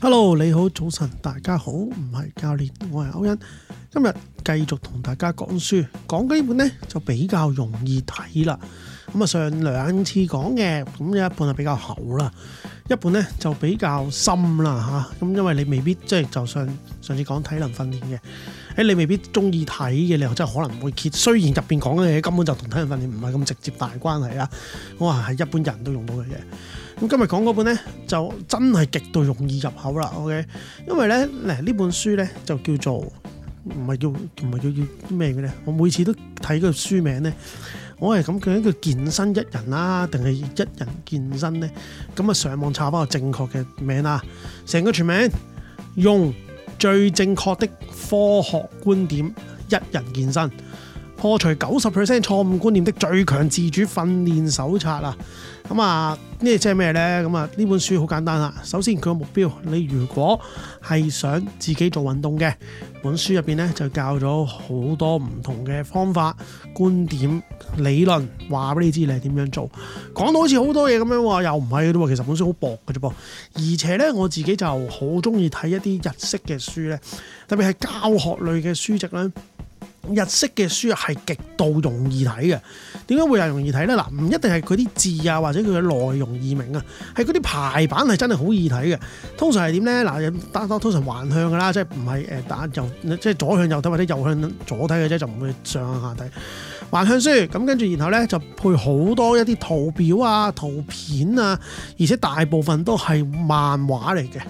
Hello，你好，早晨，大家好，唔係教練，我係歐欣，今日繼續同大家講書，講呢本呢就比較容易睇啦。咁啊，上兩次講嘅，咁呢一本係比較厚啦。一本咧就比較深啦嚇，咁因為你未必即係，就上、上次講體能訓練嘅，誒你未必中意睇嘅，你又真係可能唔會揭。雖然入邊講嘅嘢根本就同體能訓練唔係咁直接大關係啊，我話係一般人都用到嘅嘢。咁今日講嗰本咧就真係極度容易入口啦，OK。因為咧，嗱呢本書咧就叫做唔係叫唔係叫，叫咩嘅咧，我每次都睇個書名咧。我係咁叫，佢「健身一人」啦，定係「一人健身」呢？咁啊，上網查翻個正確嘅名啦，成個全名，用最正確的科學觀點一人健身，破除九十 percent 錯誤觀念的最強自主訓練手冊啊！咁啊，呢即係咩呢？咁啊，呢本書好簡單啦。首先佢個目標，你如果係想自己做運動嘅。本書入邊咧就教咗好多唔同嘅方法、觀點、理論，話俾你知你係點樣做。講到好似好多嘢咁樣，話又唔係嘅。其實本書好薄嘅啫噃，而且咧我自己就好中意睇一啲日式嘅書咧，特別係教學類嘅書籍咧。日式嘅書係極度容易睇嘅，點解會係容易睇咧？嗱，唔一定係佢啲字啊，或者佢嘅內容易明啊，係嗰啲排版係真係好易睇嘅。通常係點咧？嗱，單單通常橫向噶啦，即係唔係誒打右，即係左向右睇或者右向左睇嘅啫，就唔會上下睇。橫向書。咁跟住然後咧就配好多一啲圖表啊、圖片啊，而且大部分都係漫畫嚟嘅。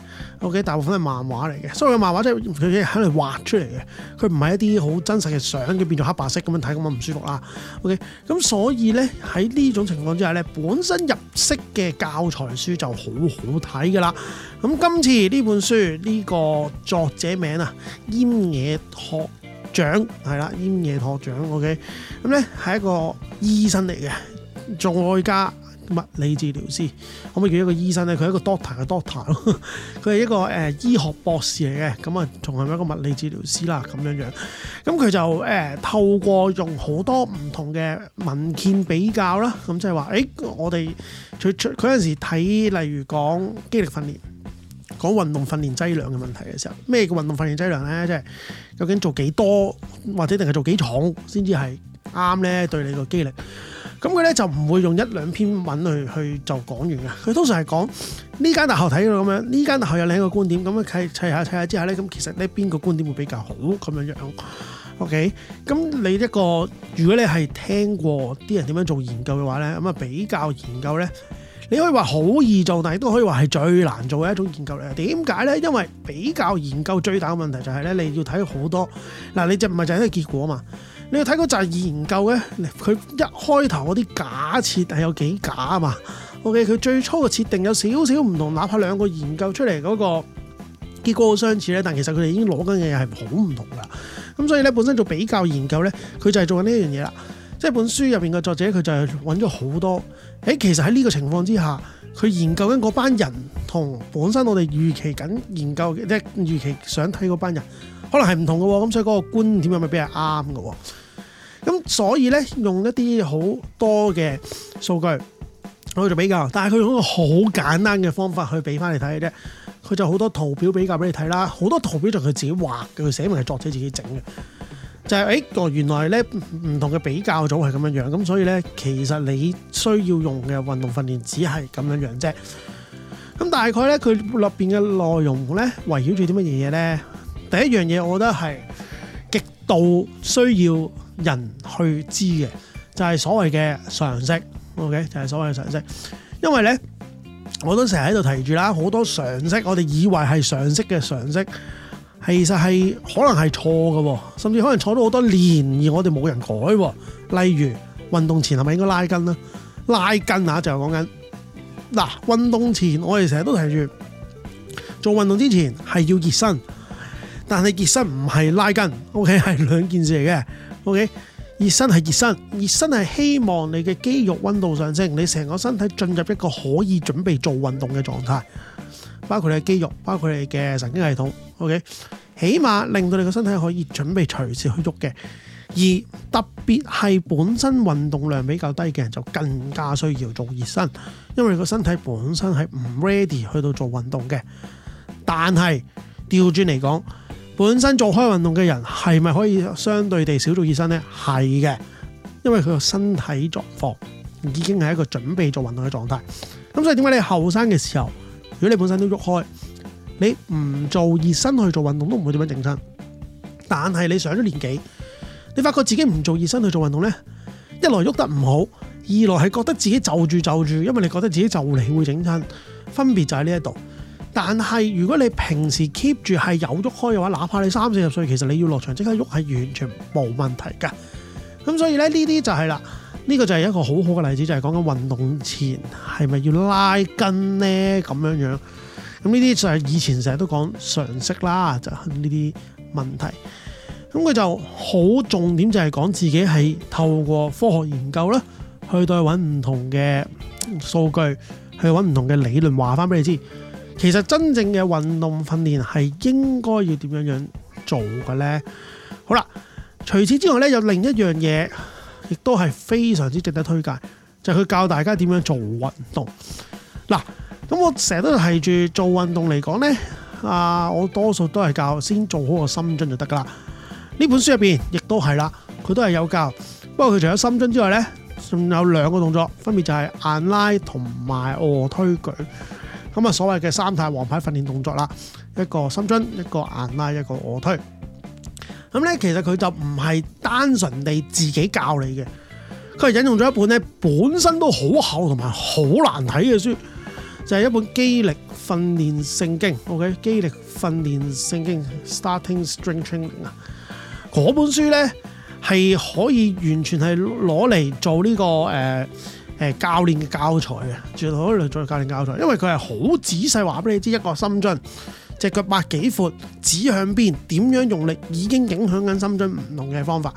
O.K. 大部分係漫畫嚟嘅，所以漫畫即係佢哋喺度畫出嚟嘅，佢唔係一啲好真實嘅相，佢變咗黑白色咁樣睇，咁樣唔舒服啦。O.K. 咁所以咧喺呢種情況之下咧，本身入色嘅教材書就好好睇㗎啦。咁今次呢本書呢個作者名啊，煙野學長係啦，煙野學長。O.K. 咁咧係一個醫生嚟嘅，仲有物理治療師可唔可以叫一個醫生咧？佢係一個 doctor 嘅 doctor 佢係一個誒醫學博士嚟嘅，咁啊，仲係一個物理治療師啦，咁樣樣。咁佢就誒、欸、透過用好多唔同嘅文件比較啦，咁即係話，誒、欸、我哋佢出嗰陣時睇，例如講肌力訓練、講運動訓練劑量嘅問題嘅時候，咩叫運動訓練劑量咧？即係究竟做幾多或者定係做幾重先至係啱咧？對你個肌力？咁佢咧就唔會用一兩篇文去去就講完嘅，佢通常係講呢間大學睇到咁樣，呢間大學有另一個觀點，咁樣砌砌、砌、砌、砌、砌下砌下之後咧，咁其實咧邊個觀點會比較好咁樣樣？OK，咁你一個如果你係聽過啲人點樣做研究嘅話咧，咁啊比較研究咧，你可以話好易做，但係都可以話係最難做嘅一種研究嚟。點解咧？因為比較研究最大嘅問題就係、是、咧，你要睇好多嗱、啊，你就唔係就係一個結果嘛。你要睇嗰就係研究咧，佢一開頭嗰啲假設係有幾假啊嘛？O K，佢最初嘅設定有少少唔同，哪怕兩個研究出嚟嗰個結果好相似咧，但其實佢哋已經攞緊嘅嘢係好唔同噶。咁所以咧，本身做比較研究咧，佢就係做緊呢樣嘢啦。即係本書入邊嘅作者，佢就係揾咗好多喺其實喺呢個情況之下，佢研究緊嗰班人同本身我哋預期緊研究即係預期想睇嗰班人可能係唔同嘅喎。咁所以嗰個觀點係咪比較啱嘅喎？咁所以咧，用一啲好多嘅數據去做比較，但係佢用一個好簡單嘅方法去比翻你睇嘅啫。佢就好多圖表比較俾你睇啦，好多圖表就佢自己畫嘅，佢寫明係作者自己整嘅，就係誒哦。原來咧唔同嘅比較組係咁樣樣咁，所以咧其實你需要用嘅運動訓練只係咁樣樣啫。咁大概咧佢入邊嘅內容咧圍繞住啲乜嘢咧？第一樣嘢，我覺得係極度需要。人去知嘅就係所謂嘅常識，OK 就係所謂嘅常識。因為呢，我都成日喺度提住啦，好多常識，我哋以為係常識嘅常識，其實係可能係錯嘅，甚至可能錯咗好多年，而我哋冇人改。例如運動前係咪應該拉筋呢？拉筋啊，就係講緊嗱運動前，我哋成日都提住做運動之前係要熱身，但係熱身唔係拉筋，OK 係兩件事嚟嘅。OK，熱身係熱身，熱身係希望你嘅肌肉溫度上升，你成個身體進入一個可以準備做運動嘅狀態，包括你嘅肌肉，包括你嘅神經系統。OK，起碼令到你嘅身體可以準備隨時去喐嘅。而特別係本身運動量比較低嘅人就更加需要做熱身，因為你個身體本身係唔 ready 去到做運動嘅。但係調轉嚟講。本身做開運動嘅人係咪可以相對地少做熱身呢？係嘅，因為佢個身體狀況已經係一個準備做運動嘅狀態。咁所以點解你後生嘅時候，如果你本身都喐開，你唔做熱身去做運動都唔會點樣整親。但係你上咗年紀，你發覺自己唔做熱身去做運動呢？一來喐得唔好，二來係覺得自己就住就住，因為你覺得自己就嚟會整親，分別就喺呢一度。但係，如果你平時 keep 住係有喐開嘅話，哪怕你三四十歲，其實你要落場即刻喐係完全冇問題㗎。咁所以咧，呢啲就係啦，呢個就係一個好好嘅例子，就係講緊運動前係咪要拉筋呢？咁樣樣。咁呢啲就係以前成日都講常識啦，就係呢啲問題。咁佢就好重點就係講自己係透過科學研究啦，去到去揾唔同嘅數據，去揾唔同嘅理論，話翻俾你知。其實真正嘅運動訓練係應該要點樣樣做嘅呢？好啦，除此之外呢，有另一樣嘢，亦都係非常之值得推介，就係、是、佢教大家點樣做運動。嗱，咁我成日都提住做運動嚟講呢，啊，我多數都係教先做好個深蹲就得噶啦。呢本書入邊亦都係啦，佢都係有教。不過佢除咗深蹲之外呢，仲有兩個動作，分別就係硬拉同埋卧推舉。咁啊，所謂嘅三大王牌訓練動作啦，一個深蹲，一個硬拉，一個臥推。咁咧，其實佢就唔係單純地自己教你嘅，佢係引用咗一本咧，本身都好厚同埋好難睇嘅書，就係、是、一本肌力訓練聖經。OK，肌力訓練聖經 （Starting Strength Training） i n 啊，嗰本書咧係可以完全係攞嚟做呢、這個誒。呃誒教練嘅教材嘅，絕對可以做教練教材，因為佢係好仔細話俾你知一個深蹲，隻腳八幾闊，指向邊，點樣用力，已經影響緊深蹲唔同嘅方法。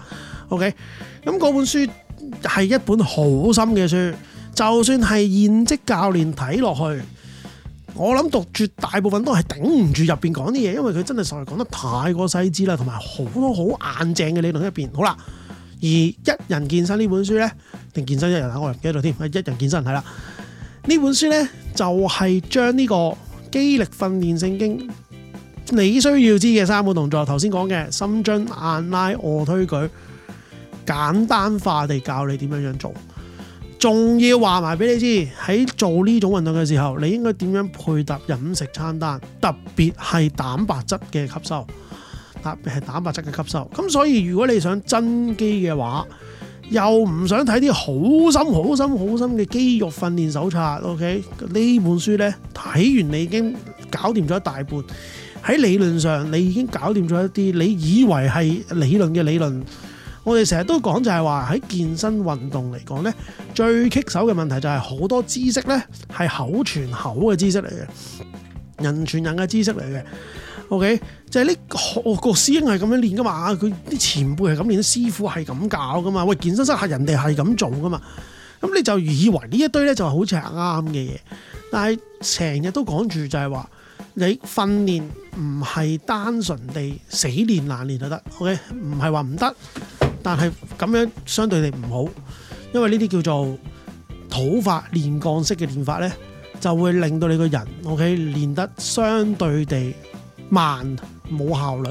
OK，咁嗰本書係一本好深嘅書，就算係現職教練睇落去，我諗讀絕大部分都係頂唔住入邊講啲嘢，因為佢真係實在講得太過細緻啦，同埋好多好硬淨嘅理論喺入邊。好啦。而一人健身呢本書呢，定健身一人啊，我唔記得添。一人健身係啦，呢本書呢，就係、是、將呢個肌力訓練聖經你需要知嘅三個動作，頭先講嘅深蹲、硬拉、臥推舉，簡單化地教你點樣樣做。仲要話埋俾你知，喺做呢種運動嘅時候，你應該點樣配搭飲食餐單，特別係蛋白質嘅吸收。特別係蛋白質嘅吸收，咁所以如果你想增肌嘅話，又唔想睇啲好深、好深、好深嘅肌肉訓練手冊，OK？呢本書呢，睇完，你已經搞掂咗一大半。喺理論上，你已經搞掂咗一啲你以為係理論嘅理論。我哋成日都講就係話喺健身運動嚟講呢，最棘手嘅問題就係好多知識呢係口傳口嘅知識嚟嘅，人傳人嘅知識嚟嘅。OK，就係呢個個師兄係咁樣練噶嘛。佢啲前輩係咁練，師傅係咁教噶嘛。喂，健身室客人哋係咁做噶嘛。咁你就以為呢一堆咧就好似係啱嘅嘢，但係成日都講住就係話你訓練唔係單純地死練難練就得。O K，唔係話唔得，但係咁樣相對地唔好，因為呢啲叫做土法練鋼式嘅練法咧，就會令到你個人 OK 練得相對地，慢，冇效率，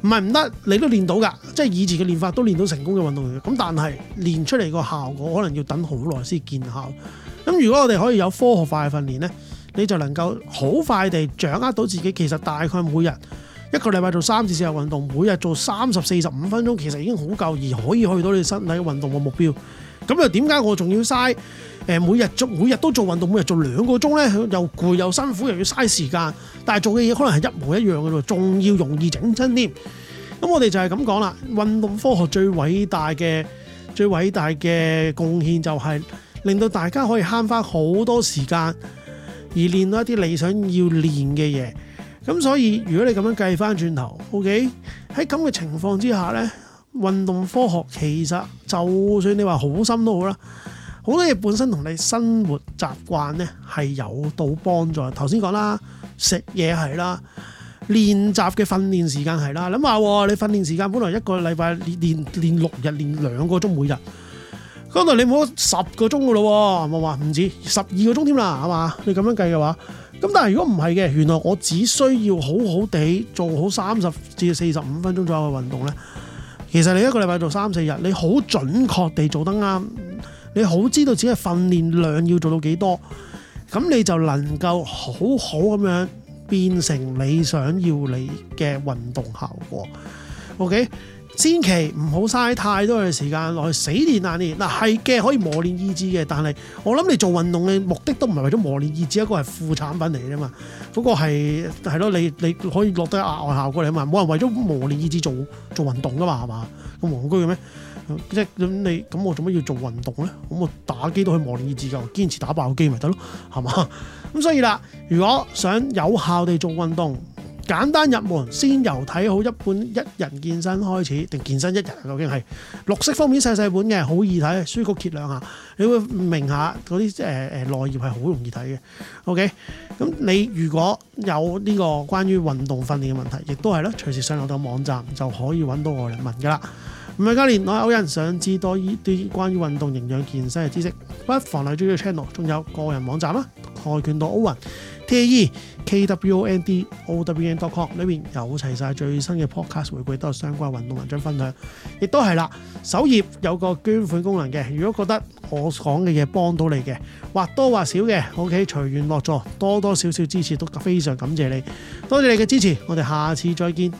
唔係唔得，你都練到㗎，即係以前嘅練法都練到成功嘅運動員。咁但係練出嚟個效果可能要等好耐先見效。咁如果我哋可以有科學化嘅訓練呢，你就能夠好快地掌握到自己。其實大概每日一個禮拜做三至四日運動，每日做三十至四十五分鐘，其實已經好夠而可以去到你身體運動嘅目標。咁又點解我仲要嘥？誒每日做，每日都做運動，每日做兩個鐘呢，又攰又辛苦，又要嘥時間。但係做嘅嘢可能係一模一樣嘅喎，仲要容易整親添。咁我哋就係咁講啦。運動科學最偉大嘅、最偉大嘅貢獻就係令到大家可以慳翻好多時間，而練到一啲你想要練嘅嘢。咁所以如果你咁樣計翻轉頭，OK 喺咁嘅情況之下呢。運動科學其實就算你話好深都好啦，好多嘢本身同你生活習慣呢係有到幫助。頭先講啦，食嘢係啦，練習嘅訓練時間係啦。諗下你訓練時間本來一個禮拜練練六日，練兩個鐘每日。嗰度你冇十個鐘噶咯，係嘛？唔止十二個鐘添啦，係嘛？你咁樣計嘅話，咁但係如果唔係嘅，原來我只需要好好地做好三十至四十五分鐘左右嘅運動呢。其實你一個禮拜做三四日，你好準確地做得啱，你好知道自己嘅訓練量要做到幾多，咁你就能夠好好咁樣變成你想要你嘅運動效果。OK。千祈唔好嘥太多嘅時間落去死練硬練，嗱係嘅可以磨練意志嘅，但係我諗你做運動嘅目的都唔係為咗磨練意志，一個係副產品嚟嘅啫嘛。嗰個係係咯，你你可以落得額外效果嚟嘛？冇人為咗磨練意志做做運動噶嘛，係嘛？咁戇居嘅咩？即係咁你咁我做乜要做運動咧？咁我打機都可以磨練意志㗎，堅持打爆機咪得咯，係嘛？咁所以啦，如果想有效地做運動，簡單入門，先由睇好一本一人健身開始，定健身一人？究竟係綠色封面細細本嘅，好易睇，書局揭兩下，你會明下嗰啲誒誒內頁係好容易睇嘅。OK，咁你如果有呢個關於運動訓練嘅問題，亦都係咯，隨時上我哋網站就可以揾到我嚟問㗎啦。唔係，近年我有人想知多啲關於運動營養健身嘅知識，不妨嚟呢個 channel，仲有個人網站啦，跆拳道奧運。T A E K W O N D O W E N dot com 裏面有齊晒最新嘅 podcast 回饋，多相關運動文章分享，亦都係啦。首頁有個捐款功能嘅，如果覺得我講嘅嘢幫到你嘅，或多或少嘅，OK 隨緣樂助，多多少少支持都非常感謝你，多謝你嘅支持，我哋下次再見。